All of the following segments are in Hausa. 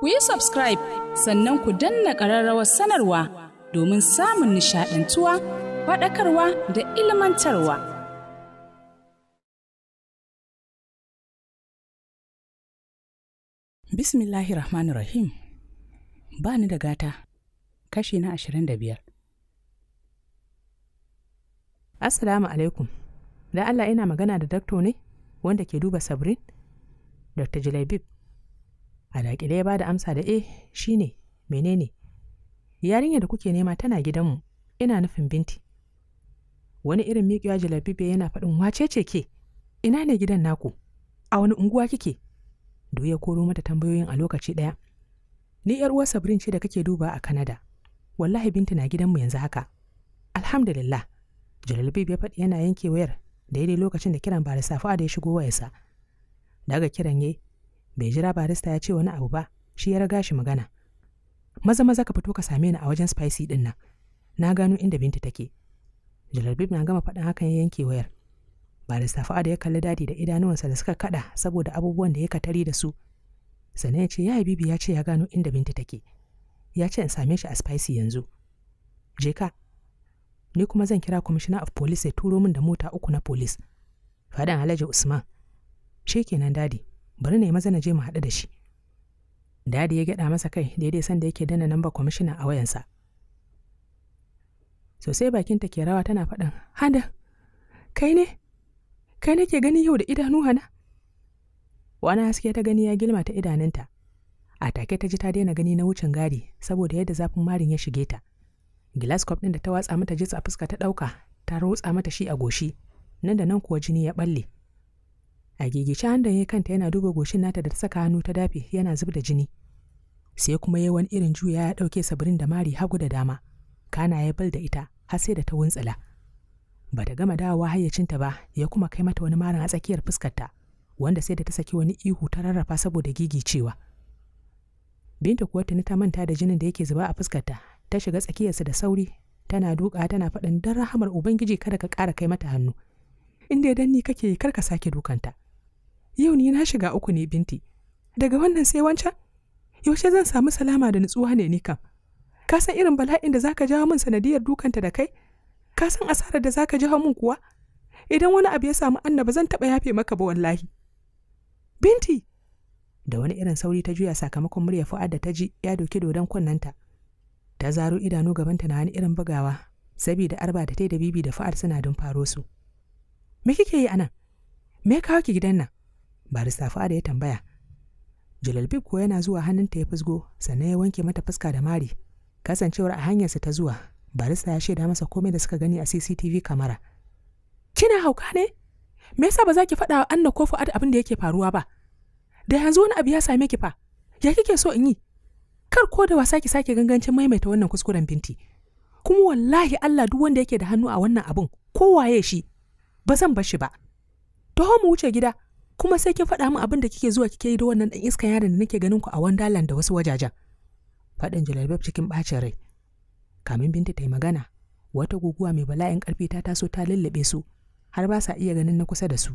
ku yi subscribe sannan ku danna ƙararrawar sanarwa domin samun nishaɗantuwa faɗakarwa da ilmantarwa. Bismillahir Rahmanir Rahim ba ni da gata kashi na ashirin da biyar. Assalamu alaikum, da Allah ina magana da dakto ne wanda ke duba Sabrin, Dr. Jilabib. a dakile ya bada amsa da eh shine menene yarinya da kuke nema tana gidanmu ina nufin binti wani irin miƙewa jalabibe yana faɗin wace ce ke ina ne gidan naku a wani unguwa kike do ya koro mata tambayoyin a lokaci ɗaya ni yar uwar sabrin ce da kake duba a kanada wallahi binti na gidanmu yanzu haka alhamdulillah jalalbib ya faɗi yana yanke wayar daidai lokacin da kiran ba da safa da ya shigo wayarsa daga kiran ya bai jira barista ya ce wani abu ba shi ya raga shi magana maza maza ka fito ka same ni a wajen spicy din nan na gano inda binta take bib na gama faɗin hakan ya yanke wayar barista fa'ad ya kalli dadi da idanuwansa da suka kada saboda abubuwan da ya katari da su sane ya ce ya bibi ya ce ya gano inda binta take ya ce in same shi a spicy yanzu je ka ni kuma zan kira commissioner of police ya turo min da mota uku na police faɗin alhaji usman shikenan dadi bari na yi maza na je mu haɗu da shi dadi ya gyaɗa masa kai daidai sanda yake dana namba kwamishina a wayansa sosai bakinta ke rawa tana faɗin hada kai ne kai ke gani yau da idanu hana wani haske ta gani ya gilma ta idanunta a take ta ji ta daina gani na wucin gadi saboda yadda zafin marin ya shige ta gilaskop ɗin da ta watsa mata jitsa fuska ta ɗauka ta rotsa mata shi a goshi nan da nan kuwa jini ya ɓalle a gigice handan ya kanta yana duba goshin nata da ta saka hannu ta dafe yana zub da jini sai kuma ya wani irin juya ya ɗauke sabrin da mari hagu da dama kana ya bal da ita har sai da ta wuntsila ba ta gama dawowa hayyacinta ba ya kuma kai mata wani marin a tsakiyar fuskarta wanda sai da ta saki wani ihu ta rarrafa saboda gigicewa binta kuwa tuni ta manta da jinin da yake zuba a fuskarta ta shiga tsakiyarsa da sauri tana duka tana faɗin dan rahamar ubangiji kada ka ƙara kai mata hannu inda ya danni kake kar ka sake dukanta yau ni na shiga uku ne binti daga wannan sai wancan yaushe zan samu salama da nutsuwa ne ni kam ka san irin bala'in da zaka jawo min sanadiyar dukanta da kai ka san asarar da zaka jawo min kuwa idan wani abu ya samu annaba zan taɓa yafe maka ba wallahi binti da wani irin sauri ta juya sakamakon murya fu'ad da ta ji ya doki dodon kunnanta ta zaro idanu gaban ta na wani irin bugawa saboda arba da ta da bibi da fu'ad suna dun faro su me kike yi anan me ka hawo ki gidan nan barista fa'ada ya tambaya jalalbib ko yana zuwa hannunta ya fusgo sannan ya wanke mata fuska da mari kasancewar a hanyarsa ta zuwa barista ya shaida masa komai da suka gani a cctv kamara kina hauka ne me yasa ba za ki faɗa wa anna ko fu'ad abin da yake faruwa ba da yanzu wani abu ya same ki fa ya kike so in yi kar ko da wasa ki sake gangancin maimaita wannan kuskuren binti kuma wallahi Allah duk wanda yake da hannu a wannan abun ko waye shi ba zan bar shi ba taho mu wuce gida kuma sai ki faɗa min abin da kike zuwa kike yi da wannan ɗan iskan yaron da nake ganin ku a Wonderland da wasu wajajen. Faɗin Jalabab cikin ɓacin rai. Kamin Binta ta yi magana, wata guguwa mai bala'in ƙarfi ta taso ta lullube su, har ba sa iya ganin na kusa da su.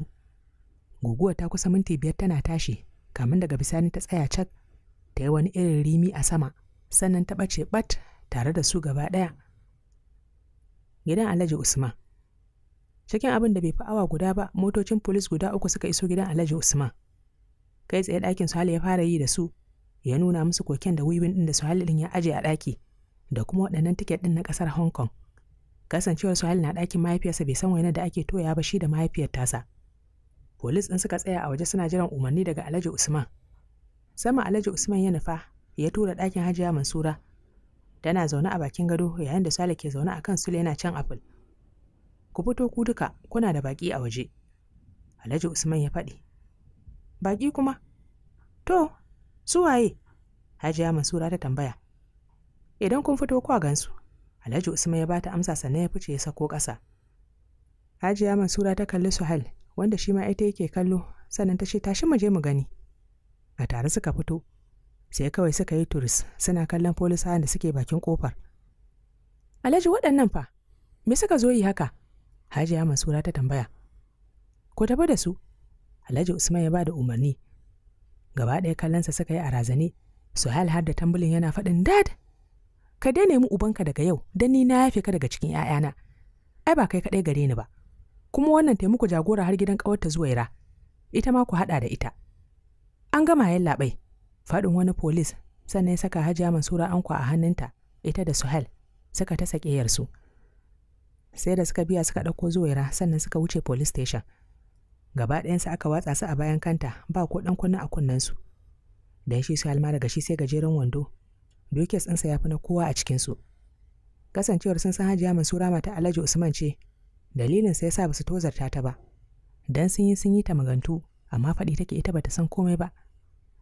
Guguwa ta kusa minti biyar tana tashi, kamin daga bisani ta tsaya cak, ta yi wani irin rimi a sama, sannan ta ɓace ɓat tare da su gaba ɗaya. Gidan Alhaji Usman. cikin abin da bai fi awa guda ba motocin polis guda uku suka iso gidan alhaji usman kai tsaye ɗakin suhali ya fara yi da su ya nuna musu koken da wiwin ɗin da suhali ɗin ya aje a ɗaki da kuma waɗannan tiket ɗin na ƙasar hong kong kasancewar suhali na ɗakin mahaifiyarsa bai san wani da ake toya ba shi da mahaifiyar tasa polis ɗin suka tsaya a waje suna jiran umarni daga alhaji usman sama alhaji usman ya nufa ya tura ɗakin hajiya mansura tana zaune a bakin gado yayin da sale ke zaune a kan sule yana can apple ku fito ku duka kuna da baƙi a waje alhaji usman ya faɗi baƙi kuma to su waye hajiya mansura ta tambaya idan kun fito kwa gansu alhaji usman ya bata amsa sannan ya fice ya sako ƙasa hajiya mansura ta kalli suhal wanda shi ma ita yake kallo sannan ta ce tashi mu je mu gani a tare suka fito sai kawai suka yi turis suna kallon polisawan da suke bakin kofar alhaji waɗannan fa me suka zo yi haka hajiya mansura ta tambaya ko tafi da su alhaji usman ya ba da umarni gaba ɗaya kallonsa suka yi a razane suhail har da tambulin yana faɗin dad ka dai nemi ubanka daga yau don ni na yafe ka daga cikin 'ya'yana ai ba kai kaɗai gare ni ba kuma wannan taimako jagora har gidan ƙawarta zuwaira ita ma ku haɗa da ita an gama yin laɓai faɗin wani polis sannan ya saka hajiya mansura anko a hannunta ita da suhail suka ta sakeyarsu su sai da suka biya suka ɗauko zuwaira sannan suka wuce police station gaba ɗayansu aka watsa su a bayan kanta ba ko ɗan kunna a su. dan shi su halma daga shi sai gajeren wando dukes ɗinsa ya fi na kowa a cikinsu kasancewar sun san hajiya mansura mata alhaji usman ce dalilin sai sa basu tozarta ta ba dan sun yi sun yi ta magantu amma faɗi take ita bata san komai ba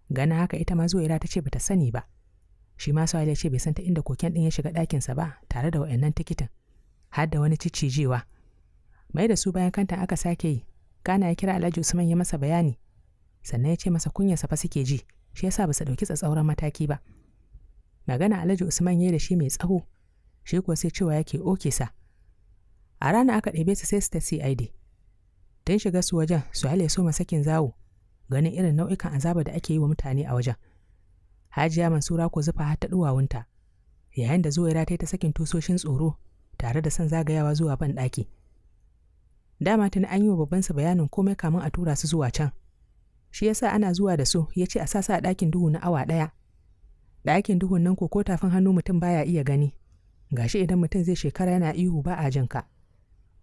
gana haka ita ma zuwaira ta ce bata sani ba shi ma su ce bai san ta inda koken ɗin ya shiga ɗakinsa ba tare da wa'annan tikitin har da wani cicijewa mai da su bayan kantan aka sake yi kana ya kira alhaji usman ya masa bayani sannan ya ce masa kunyarsa fa suke ji shi yasa ba su ɗauki tsatsauran mataki ba magana alhaji usman ya yi da shi mai tsaho shi kuwa sai cewa yake oke sa a rana aka ɗebe su sai su ta cid Tun shiga su wajen su hale so masakin zawo ganin irin nau'ikan azaba da ake yi wa mutane a wajen hajiya mansura ko zufa har ta ɗuwawunta yayin da zuwaira ta yi ta sakin tusoshin tsoro tare da son zagayawa zuwa ban ɗaki dama tuni an yi wa babansa bayanin komai kamun a tura su zuwa can shi yasa ana zuwa da su ya ce a sasa a ɗakin duhu na awa ɗaya ɗakin duhun nan ko tafin hannu mutum baya iya gani gashi idan mutum zai shekara yana ihu ba a jinka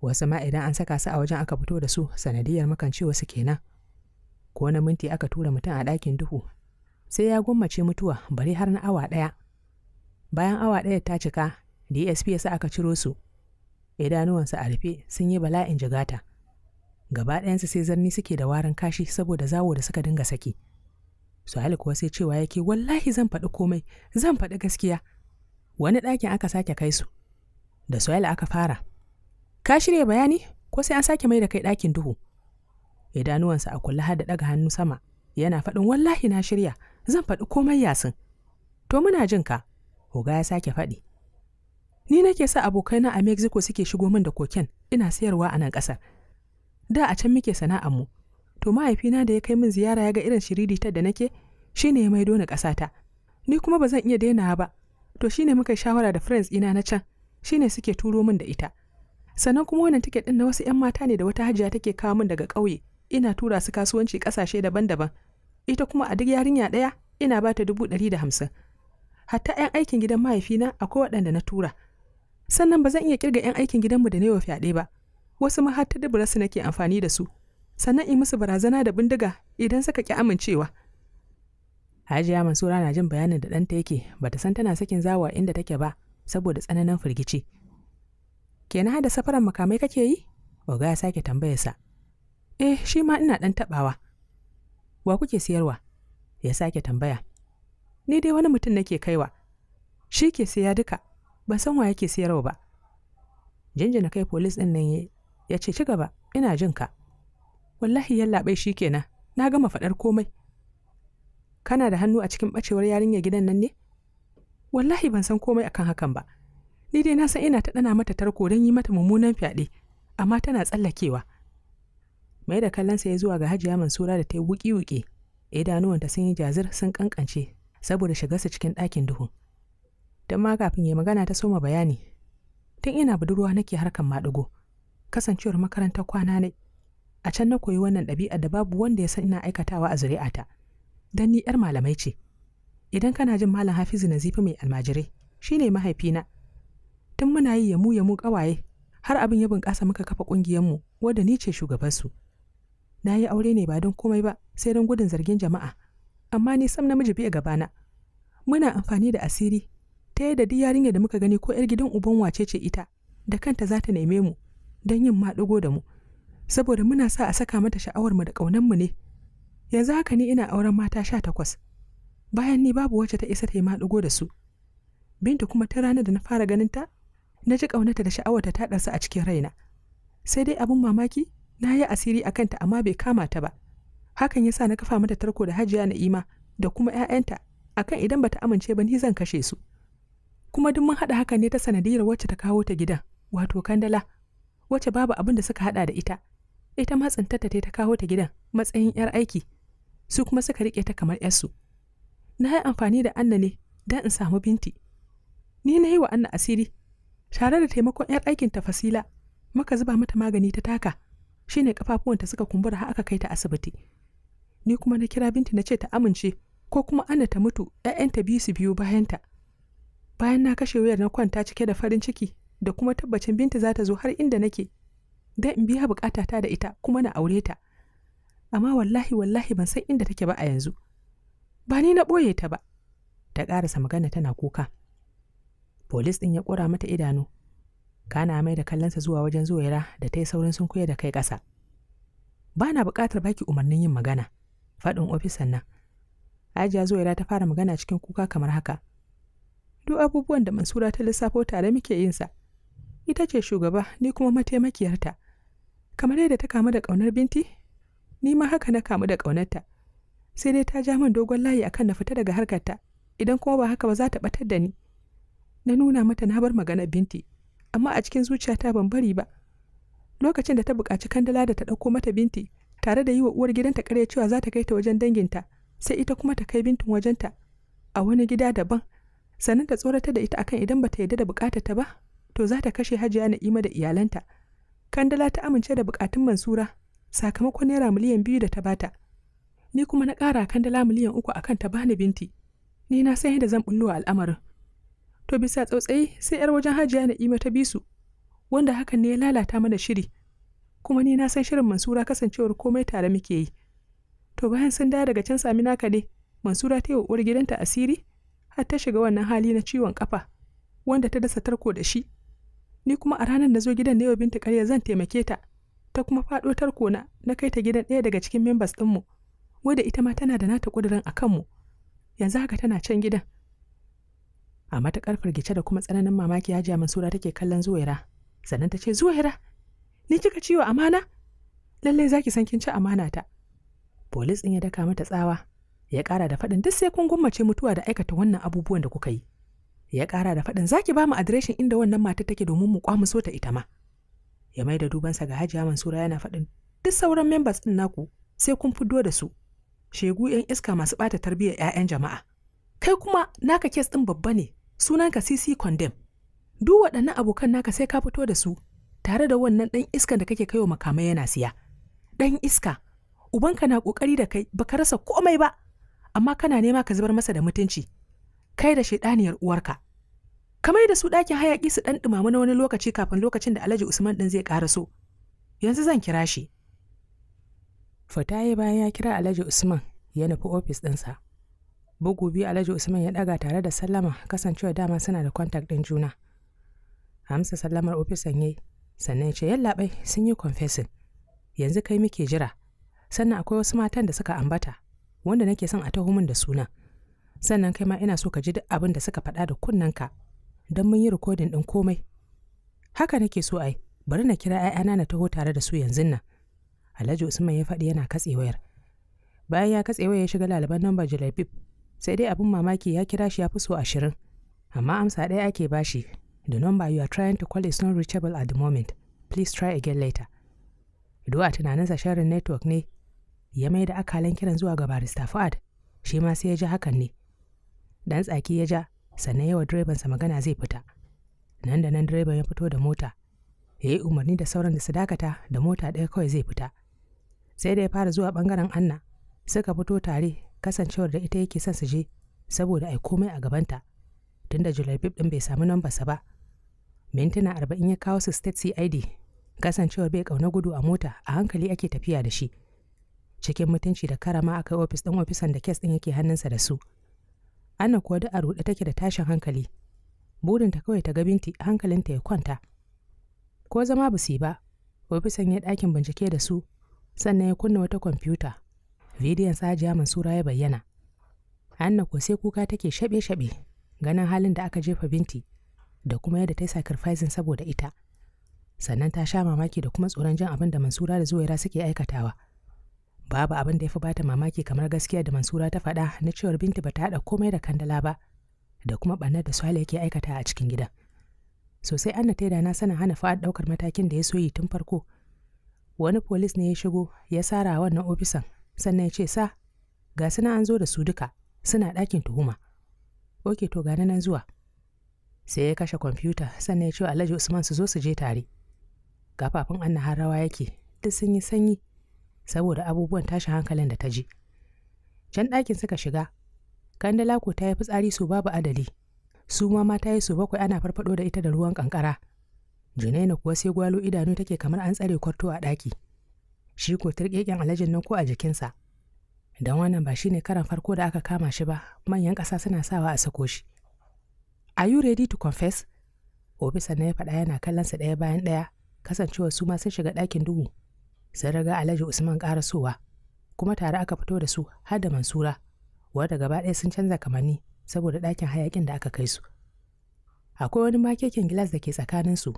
wasu ma idan an saka su a wajen aka fito da su sanadiyar makance wasu kenan ko na minti aka tura mutum a ɗakin duhu sai ya gwammace mutuwa bari har na awa ɗaya bayan awa ɗaya ta cika dsp e ya sa aka ciro su idanuwansa a rufe sun yi bala'in jigata gaba ɗayansu sai zarni suke da warin kashi saboda zawo da suka dinga saki suhaili kuwa sai cewa yake wallahi zan faɗi komai zan faɗi gaskiya wani ɗakin aka sake kai su da suhaili aka fara ka shirya bayani ko sai an sake mai da kai ɗakin duhu idanuwansa a kulle har da ɗaga hannu sama yana faɗin wallahi na shirya zan faɗi komai yasin to muna jin ka Oga ya sake faɗi ni nake sa abokaina a mexico suke shigo min da koken ina sayarwa a nan ƙasar da a can muke mu to mahaifina da ya kai min ziyara ya ga irin ta da nake shine ya maido ni ƙasata ni kuma ba zan iya daina ba to shine muka shawara da friends ina na can shine suke turo min da ita sannan kuma wannan tiket din na wasu 'yan mata ne da wata hajiya take kawo min daga ƙauye ina tura su kasuwanci ƙasashe daban-daban ita kuma a duk yarinya ɗaya ina ba ta dubu ɗari da hamsin hatta 'yan aikin gidan mahaifina akwai waɗanda na tura sannan ba zan iya kirga 'yan aikin gidanmu da na yau fyaɗe ba wasu ma har dubura su nake amfani da su sannan in musu barazana da bindiga idan suka ki amincewa hajiya mansura na jin bayanin da ɗanta yake ba ta san tana sakin zawa inda take ba saboda tsananin firgici kenan hada safaran makamai kake yi oga ya sake tambayarsa eh shi ma ina ɗan taɓawa wa kuke siyarwa ya sake tambaya ni dai wani mutum nake kaiwa shi ke siya duka ba san wa yake siyarwa ba jinjina kai polis ɗin nan ya ce ci gaba ina jin ka wallahi yallaɓai shi kenan na gama faɗar komai kana da hannu a cikin ɓacewar yarinya gidan nan ne wallahi ban san komai akan hakan ba ni dai na san ina ta ɗana mata tarko don yi mata mummunan fyaɗe amma tana tsallakewa mai da kallonsa ya zuwa ga hajiya mansura da ta yi wuƙi-wuƙi idanuwanta sun yi jazir sun ƙanƙance, saboda shigarsa cikin ɗakin duhun. don ma kafin ya magana ta soma bayani tun ina budurwa nake harkan maɗigo kasancewar makarantar kwana ne a can na koyi wannan ɗabi'a da babu wanda ya san ina aikatawa a ta. don ni 'yar malamai ce idan kana jin malam hafizu na zifi mai almajirai shine mahaifina tun muna yi yamu yamu ƙawaye har abin ya bunƙasa muka kafa ƙungiyarmu wadda ni ce shugabansu na yi aure ne ba don komai ba sai don gudun zargin jama'a amma ni sam namiji bai gabana muna amfani da asiri ta da duk yarinya da muka gani ko 'yar gidan uban wace ce ita da kanta za ta neme mu don yin maɗigo da mu saboda muna sa a saka mata sha'awar mu da ƙaunar mu ne yanzu haka ni ina auren mata sha takwas bayan ni babu wacce ta isa ta yi maɗigo da su binta kuma ta ranar da na fara ganin ta na ji ƙaunata da sha'awarta ta ɗarsa a cikin raina sai dai abin mamaki na yi asiri a kanta amma bai kama ta ba hakan ya sa na kafa mata tarko da hajiya na'ima da kuma 'ya'yanta akan idan bata amince ba ni zan kashe su kuma duk mun haɗa haka ne ta sanadiyar wacce ta kawo ta gidan wato kandala wacce babu abin da suka haɗa da ita ita ma tsintarta ta ta kawo ta gidan matsayin 'yar aiki su kuma suka riƙe ta kamar 'yarsu na yi amfani da anna ne don in samu binti ni na yi wa anna asiri tare da taimakon 'yar aikin ta fasila muka zuba mata magani ta taka shine kafafuwanta suka kumbura har aka kai ta asibiti ni kuma na kira binti na ce ta amince ko kuma anna ta mutu 'ya'yanta biyu su biyo bayanta bayan na kashe wayar na kwanta cike da farin ciki da kuma tabbacin binta za ta zo har inda nake dan in biya bukata ta da ita kuma na aure ta amma wallahi wallahi ban san inda take ba a yanzu ba ni na boye ta ba ta ƙarasa magana tana kuka polis ɗin ya ƙura mata idanu kana mai da kallonsa zuwa wajen zuwaira da ta yi saurin sun kuya da kai ƙasa ba na buƙatar baki umarnin yin magana faɗin ofisan nan ajiya zuwaira ta fara magana cikin kuka kamar haka duk abubuwan da mansura ta lissafo tare muke yin sa ita ce shugaba ni kuma mataimakiyarta kamar yadda ta kamu da ƙaunar binti ni ma haka na kamu da ƙaunarta sai dai ta ja min dogon layi akan na fita daga harkarta idan kuma ba haka ba za ta ɓatar da ni na nuna mata na bar magana binti amma a cikin zuciyata ban bari ba lokacin da ta buƙaci kandala da ta ɗauko mata binti tare da yi wa uwar gidanta ƙarya cewa za ta kai ta wajen danginta sai ita kuma ta kai bintin wajenta a wani gida daban sannan ta tsorata da ita akan idan ba ta yarda da bukatar ta ba to za ta kashe hajiya na ima da iyalanta kandala ta amince da bukatun mansura sakamakon naira miliyan biyu da ta bata ni kuma na kara kandala miliyan uku akan ta bani binti ni na san yadda zan bullo al'amarin to bisa tsautsayi sai yar wajen hajiya na ima ta bisu wanda hakan ne ya lalata mana shiri kuma ni na san shirin mansura kasancewar komai tare muke yi to bayan sun daya daga can sami naka ne mansura ta yi wa uwar gidanta asiri har ta shiga wannan hali na ciwon kafa wanda ta dasa tarko da shi ni kuma a ranar da zo gidan na yau binta karya zan taimake ta ta kuma faɗo tarko na na kai ta gidan ɗaya daga cikin members ɗinmu wadda ita ma tana da nata kudirin a kanmu yanzu haka tana can gidan a matuƙar firgice da kuma tsananin mamaki hajiya mansura take kallon zuwaira sannan ta ce zuwaira ni kika ciwo amana lallai zaki san kin ci amana ta polis ɗin ya daka mata tsawa ya kara da faɗin duk sai kun gwammace mutuwa da aikata wannan abubuwan da kuka yi ya ƙara da faɗin zaki ba mu adireshin inda wannan mata take domin mu so ta ita ma ya mai da dubansa ga hajiya mansura yana faɗin duk sauran members ɗin naku sai kun fido da su shegu 'yan iska masu ɓata tarbiyyar 'ya'yan jama'a kai kuma naka kes ɗin babba ne sunanka cc condemn duk waɗannan abokan naka sai ka fito da su tare da wannan ɗan iska da kake kaiwa makamai yana siya ɗan iska ubanka na ƙoƙari da kai baka rasa komai ba amma kana nema ka zubar masa da mutunci kai da shaidaniyar uwarka kamar da su ɗakin hayaƙi su ɗan ɗumama na wani lokaci kafin lokacin da alhaji usman ɗin zai ƙara so yanzu zan kira shi fita bayan ya kira alhaji usman ya nufi ofis ɗinsa bugu biyu alhaji usman ya ɗaga tare da sallama kasancewa dama suna da kwantak ɗin juna amsa sallamar ofisan yi sannan ya ce yallaɓai sun yi confessing yanzu kai muke jira sannan akwai wasu matan da suka ambata wanda nake son a taho min da suna sannan kai ma ina so ka ji duk abin da suka faɗa da kunnenka don mun yi rikodin ɗin komai haka nake so ai bari na kira 'ya'yana na taho tare da su yanzu nan alhaji usman ya faɗi yana katse wayar bayan ya katse wayar ya shiga lalaban namba jalabib sai dai abin mamaki ya kira shi ya fi so ashirin amma amsa ɗaya ake bashi the number you are trying to call is not reachable at the moment please try again later duwa a tunaninsa sharin network ne ya mai da akalan kiran zuwa ga barista Fuad, shi ma sai ya ji hakan ne. Dan tsaki ya ja, sannan yawa direbansa magana zai fita. Nan da nan direban ya fito da mota, ya yi umarni da sauran da su dakata da mota ɗaya kawai zai fita. Sai da ya fara zuwa ɓangaren Anna, suka fito tare kasancewar da ita yake son su je saboda ai komai a gabanta, tunda Bib ɗin bai samu nambarsa ba. Mintuna arba'in ya kawo su State CID, kasancewar bai ƙauna gudu a mota a hankali ake tafiya da shi. cikin mutunci da karama a kai ofis ɗin ofisan da kes ɗin yake hannunsa da su anna kuwa da a ruɗe take da tashin hankali burinta kawai ta ga binti hankalinta ya kwanta ko zama ba su ba ofisan ya ɗakin bincike da su sannan ya kunna wata kwamfuta bidiyon sajiya mansura ya bayyana anna ko sai kuka take shaɓe-shaɓe ganin halin da aka jefa binti da kuma yadda ta yi sacrificing saboda ita sannan ta sha mamaki da kuma tsoron jin abin da mansura da zuwaira suke aikatawa. babu abin da ya fi bata mamaki kamar gaskiya da mansura ta faɗa na cewar binta bata haɗa komai da kandala ba da kuma ɓannar da swale yake aikata a cikin gidan sosai anna taida na sana hana fa'ad ɗaukar matakin da ya so yi tun farko wani polis ne ya shigo ya sara wannan ofisan sannan ya ce sa ga suna an zo da su duka suna ɗakin tuhuma oke to gani nan zuwa sai ya kashe kwamfuta sannan ya ce alhaji usman su zo su je tare gafafun anna har rawa yake duk sun yi sanyi saboda abubuwan tashin hankalin da ta ji. Can ɗakin suka shiga, kandala ko ta yi fitsari su babu adali, su ma ta yi su bakwai ana farfado da ita da ruwan kankara. Junaina kuwa sai gwalo idanu take kamar an tsare kwarto a ɗaki. Shi ko turƙeƙen alajin nan ko a jikinsa. Don wannan ba shi ne karan farko da aka kama shi ba, manyan ƙasa suna sawa a sako shi. Are you ready to confess? Obi sannan ya faɗa yana kallonsa ɗaya bayan ɗaya, kasancewa su ma sun shiga ɗakin duhu sai daga alhaji usman karasowa kuma tare aka fito da su har da mansura wadda gaba ɗaya sun canza kamanni saboda ɗakin hayakin da aka kai su akwai wani makekin gilas da ke tsakaninsu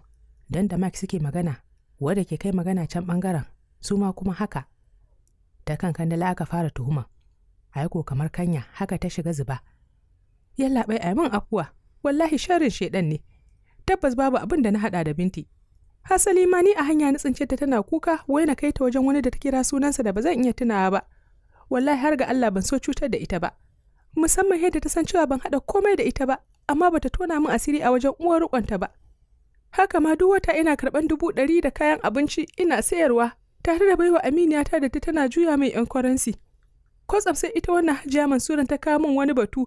don da mike suke magana wadda ke kai magana can ɓangaren su ma kuma haka ta kan kandala aka fara tuhuma aiko kamar kanya haka ta shiga zuba yallaɓai a min afuwa wallahi sharrin shaidan ne tabbas babu abin da na haɗa da binti hasali ma ni a hanya na tsince ta tana kuka wai na kai ta wajen wani da ta kira sunansa da ba zan iya tunawa ba wallahi har ga Allah ban so cutar da ita ba musamman yadda ta san cewa ban haɗa komai da ita ba amma bata tona min asiri a wajen uwar rikonta ba haka ma duk wata ina karban dubu ɗari da kayan abinci ina sayarwa tare da baiwa aminiyata da ta tana juya mai yan kwaransi kwatsam sai ita wannan hajiya mansuran ta kawo min wani batu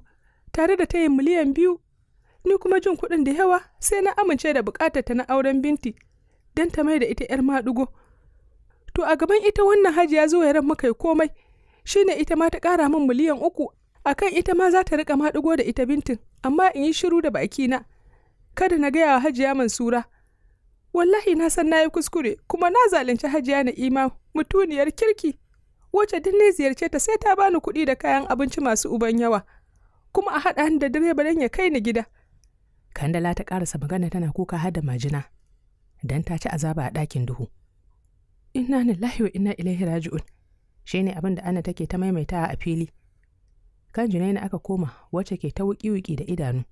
tare da ta yi miliyan biyu ni kuma jin kuɗin da yawa sai na amince da bukatar ta na auren binti don ta mai da ita 'yar maɗigo. To a gaban ita wannan hajiya zuwa ran yi komai, shi ne ita ma ta ƙara min miliyan uku, a kan ita ma za ta riƙa maɗigo da ita bintin, amma in yi shiru da bakina. Kada na gaya wa hajiya Mansura. Wallahi na san na yi kuskure, kuma na zalunci hajiya na ima mutuniyar kirki. Wacce duk ne ziyarce ta sai ta bani kuɗi da kayan abinci masu uban yawa. Kuma a haɗa da direba don ya kai ni gida. Kandala ta ƙarasa magana tana kuka har da majina. don ta ci azaba a ɗakin duhu. Inna lillahi wa inna ilaihi raji'un shi ne abin da Anna take ta maimaita a fili. Kan Junaina aka koma wacce ke ta wuki-wuki da idanu.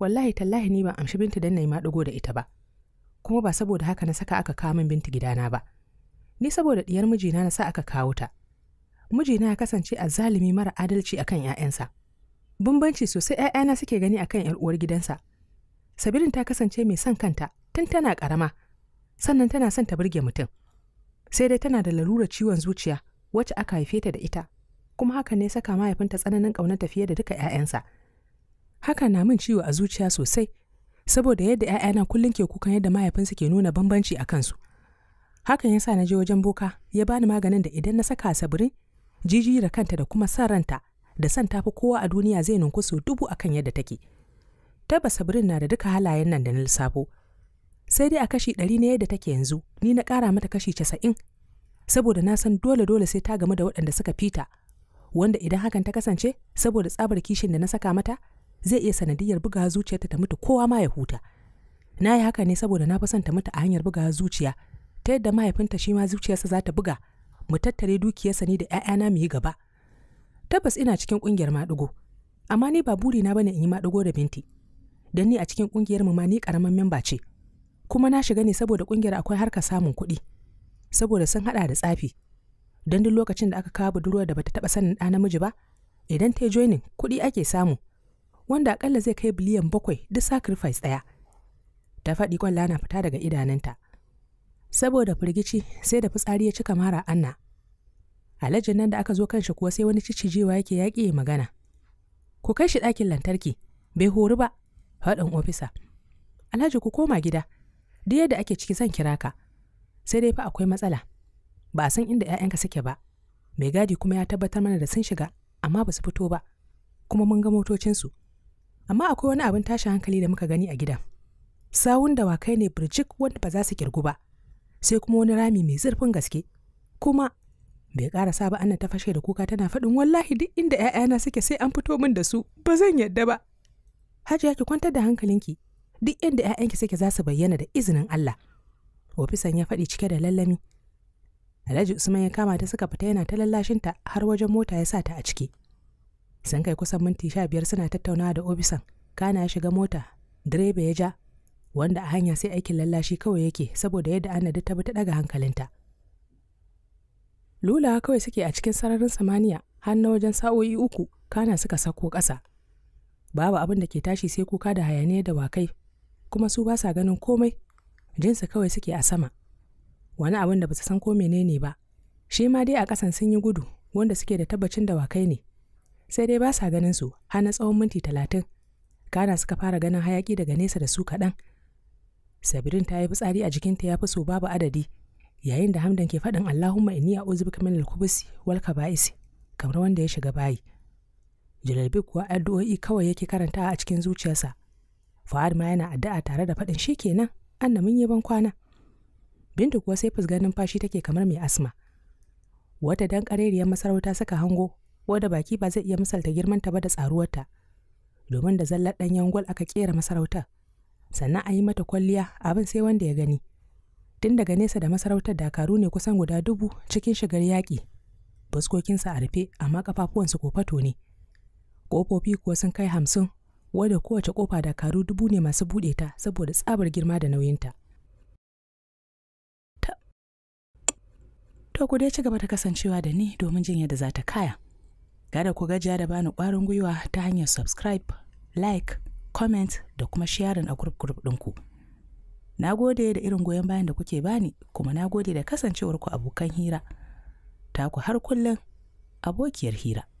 Wallahi tallahi ni ban amshi binta dan na yi maɗigo da ita ba. Kuma ba saboda haka na saka aka kawo min binta gidana ba. Ni saboda ɗiyar mijina na sa aka kawo ta. Mijina ya kasance a zalimi mara adalci akan ‘ya'yansa. Bambanci sosai ‘ya'yana suke gani akan ‘yar uwar gidansa. sabirin ta kasance mai son kanta tun tana karama sannan tana son ta burge mutum sai dai tana da lalurar ciwon zuciya wacce aka haife ta da ita kuma haka ne saka mahaifinta tsananin ƙaunar fiye da duka 'ya'yansa haka na min ciwo a zuciya sosai saboda yadda 'ya'yana kullum ke kukan yadda mahaifinsu ke nuna bambanci a kansu hakan ya sa na je wajen boka ya bani maganin da idan na saka sabirin jijiyar kanta da kuma sa ranta da san tafi kowa a duniya zai ninku dubu akan yadda take tabbas sabirin na da duka halayen nan da na lissafo sai dai a kashi ɗari ne yadda take yanzu ni na ƙara mata kashi casa'in saboda na san dole dole sai ta gamu da waɗanda suka fita wanda idan hakan ta kasance saboda tsabar kishin da na saka mata zai iya sanadiyar buga zuciyarta ta mutu kowa ma ya huta na yi haka ne saboda na fi son ta mutu a hanyar buga zuciya ta yadda mahaifinta shi ma zuciyarsa za ta buga mu tattare dukiyarsa ni da 'ya'yana mu yi gaba tabbas ina cikin ƙungiyar maɗigo amma ni ba burina bane in yi maɗigo da binti don ni a cikin kungiyar mu ma ni karamin memba ce kuma na shiga ne saboda kungiyar akwai harka samun kuɗi saboda sun hada da tsafi don duk lokacin da aka kawo budurwar da bata taba sanin ɗa namiji ba idan ta joinin kuɗi ake samu wanda akalla zai kai biliyan bakwai duk sacrifice ɗaya ta faɗi kwalla na fita daga idanunta saboda firgici sai da fitsari ya cika mara anna alhajin nan da aka zo kan shi kuwa sai wani cicijewa yake yaƙi ya magana ku kai shi ɗakin lantarki bai hori ba faɗin ofisa alhaji ku koma gida duk yadda ake ciki zan kira ka sai dai fa akwai matsala ba a san inda 'ya'yanka suke ba mai gadi kuma ya tabbatar mana da sun shiga amma ba su fito ba kuma mun ga motocinsu amma akwai wani abin tashin hankali da muka gani a gidan sawun da kai ne birjik wanda ba za su kirgu ba sai kuma wani rami mai zurfin gaske kuma bai karasa ba annan ta fashe da kuka tana faɗin wallahi duk inda 'ya'yana suke sai an fito min da su ba zan yadda ba hajiya ki kwantar da hankalinki duk inda 'ya'yanki suke za su bayyana da izinin Allah ofisan ya faɗi cike da lallami Alhaji Usman ya kama ta suka fita yana ta lallashinta har wajen mota ya sa ta a ciki. Sun kai kusan minti sha biyar suna tattaunawa da ofisan, kana ya shiga mota, direba ya ja, wanda a hanya sai aikin lallashi kawai yake saboda yadda ana ta bi ta ɗaga hankalinta. Lulawa kawai suke a cikin sararin samaniya har wajen sa'o'i uku, kana suka sako ƙasa. babu abin da ke tashi sai kuka da hayaniya da wakai kuma su ba sa ganin komai jinsu kawai suke a sama wani abin da ba su san ko menene ba shi ma dai a kasan sun yi gudu wanda suke da tabbacin da wakai ne sai dai ba sa ganin su har na tsawon minti talatin kana suka fara ganin hayaki daga nesa da su kaɗan sabirin ta yi fitsari a jikinta ya fi so babu adadi yayin da hamdan ke faɗin allahumma inni a uzubika min alkubusi wal kaba'isi kamar wanda ya shiga bayi Jalabi kuwa addu'o'i kawai yake karanta a cikin zuciyarsa. Fa'ad ma yana addu'a tare da faɗin shi kenan, an na yi ban kwana. Bintu kuwa sai fusgar numfashi take kamar mai asma. Wata dan ƙarerriyar masarauta suka hango, wadda baki ba zai iya misalta girmanta ba da tsaruwarta. Domin da zallar 'yan gwal aka ƙera masarautar. Sannan a yi mata kwalliya abin sai wanda ya gani. Tun daga nesa da masarautar dakaru ne kusan guda dubu cikin shigar yaƙi. Fuskokinsa a rufe amma ko fato ne. kofofi kuwa sun kai hamsin wadda kowace ƙofa karu dubu ne masu buɗe ta saboda tsabar girma da nauyinta. To ku dai ci gaba ta kasancewa da ni domin jin yadda za ta kaya. Gada ku gajiya da bani kwarin gwiwa ta hanyar subscribe, like, comment da kuma sharing a group group ɗinku. Na gode da irin goyon bayan da kuke bani kuma na gode da kasancewarku abokan hira. ta ku har kullum abokiyar hira.